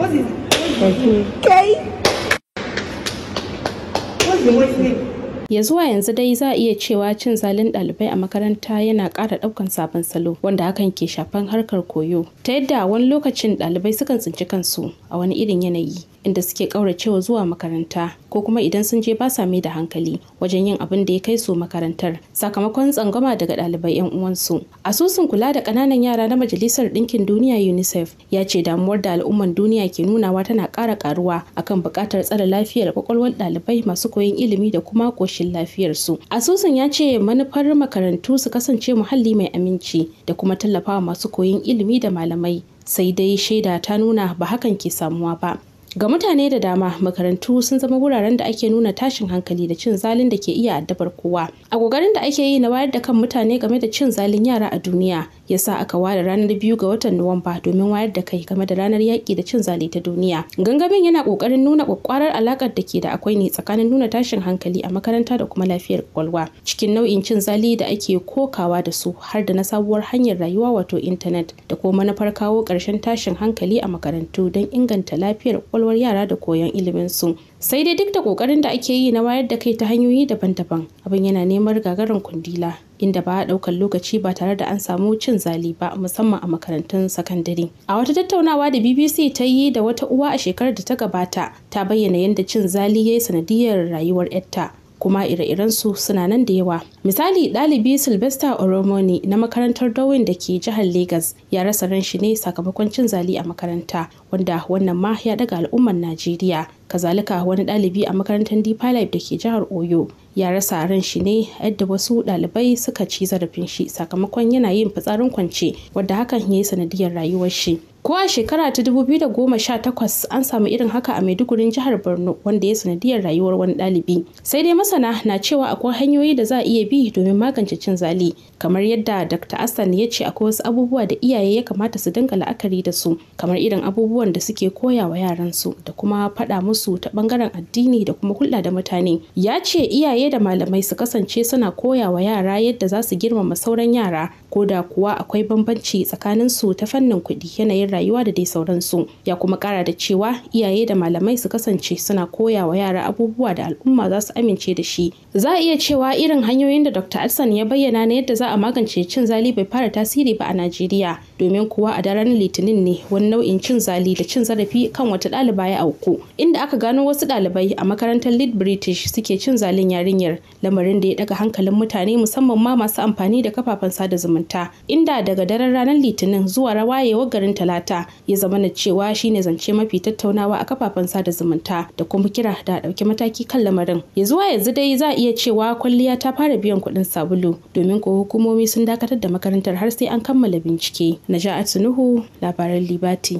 What's his ya zuwa yanzu dai za a iya cewa cin zalin ɗalibai a makaranta yana ƙara ɗaukan sabon salo wanda hakan ke shafan harkar koyo ta yadda wani lokacin ɗalibai sukan tsinci kansu a wani irin yanayi inda suke ƙauracewa zuwa makaranta ko kuma idan sun je ba sa mai da hankali wajen yin abin da ya kai su makarantar sakamakon tsangwama daga ɗalibai 'yan uwansu. Asusun kula da ƙananan yara na Majalisar Ɗinkin Duniya UNICEF ya ce damuwar da al'umman duniya ke nunawa tana ƙara ƙaruwa akan buƙatar tsare lafiyar kwakwalwar ɗalibai masu koyon ilimi da kuma ƙoshin lafiyarsu. Asusun ya ce manufar makarantu su kasance muhalli mai aminci da kuma tallafawa masu koyon ilimi da malamai sai dai shaida ta nuna ba hakan ke samuwa ba Ga mutane da dama, makarantu sun zama wuraren da ake nuna tashin hankali da cin zalin da ke iya addabar kowa. A ƙoƙarin da ake yi na wayar da kan mutane game da cin zalin yara a duniya, ya sa aka ware ranar biyu ga watan Nuwamba domin wayar da kai game da ranar yaƙi da cin zali ta duniya. Gangamin yana ƙoƙarin nuna ƙwaƙƙwarar alaƙar da ke da akwai ne tsakanin nuna tashin hankali a makaranta da kuma lafiyar ƙwaƙwalwa. Cikin nau'in cin zali da ake kokawa da su har da na sabuwar hanyar rayuwa wato intanet da kuma na farkawo ƙarshen tashin hankali a makarantu don inganta lafiyar ƙwaƙwalwa kwakwalwar yara da koyon iliminsu sai dai duk da kokarin da ake yi na wayar da kai ta hanyoyi daban-daban abin yana neman gagarin kundila inda ba a ɗaukar lokaci ba tare da an samu cin zali ba musamman a makarantun sakandare. A wata tattaunawa da BBC ta yi da wata uwa a shekarar da ta gabata ta bayyana yadda cin zali ya yi sanadiyar rayuwar 'yarta. kuma ire iren su suna nan da yawa misali ɗalibi sylvester oromoni na makarantar dawin da ke jihar lagos ya rasa ran shi ne sakamakon cin zali a makaranta wanda wannan ma ya daga al'ummar najeriya kazalika wani ɗalibi a makarantar deep life da ke jihar oyo ya rasa ran shi ne yadda wasu ɗalibai suka ci zarafin shi sakamakon yana yin fitsarin kwance wadda hakan ya yi sanadiyar rayuwar shi Ko a shekara ta 2018 an samu irin haka a Maidugurin jihar Borno wanda ya sanadiyar rayuwar wani ɗalibi. Sai dai masana na cewa akwai hanyoyi da za a iya bi domin magance cin zali kamar yadda Dr. Hassan ya ce akwai wasu abubuwa da iyaye ya kamata su dinga la'akari da su kamar irin abubuwan da suke koya wa su da kuma faɗa musu ta bangaren addini da kuma hulɗa da mutane. Ya ce iyaye da malamai su kasance suna koya wa yara yadda za su girmama sauran yara ko da kuwa akwai bambanci tsakanin su ta fannin kuɗi yanayin rayuwa da dai sauransu ya kuma kara da cewa iyaye da malamai su kasance suna koya wa yara abubuwa da al'umma za su amince da shi za a iya cewa irin hanyoyin da dr alsan ya bayyana na yadda za a magance cin zali bai fara tasiri ba a najeriya domin kuwa a daren litinin ne wani nau'in cin zali da cin zarafi kan wata ɗaliba ya auku inda aka gano wasu ɗalibai a makarantar lead british suke cin zalin yarinyar lamarin da ya daga hankalin mutane musamman ma masu amfani da kafafen sada zumunta inda daga daren ranar litinin zuwa rawayewar garin talata ta ya zama na cewa shine zance mafi tattaunawa a kafafen sada zumunta da kuma kira da ɗauki mataki kan lamarin ya zuwa yanzu dai za a iya cewa kwalliya ta fara biyan kuɗin sabulu domin ko hukumomi sun dakatar da makarantar har sai an kammala bincike naja'at sunuhu labaran libati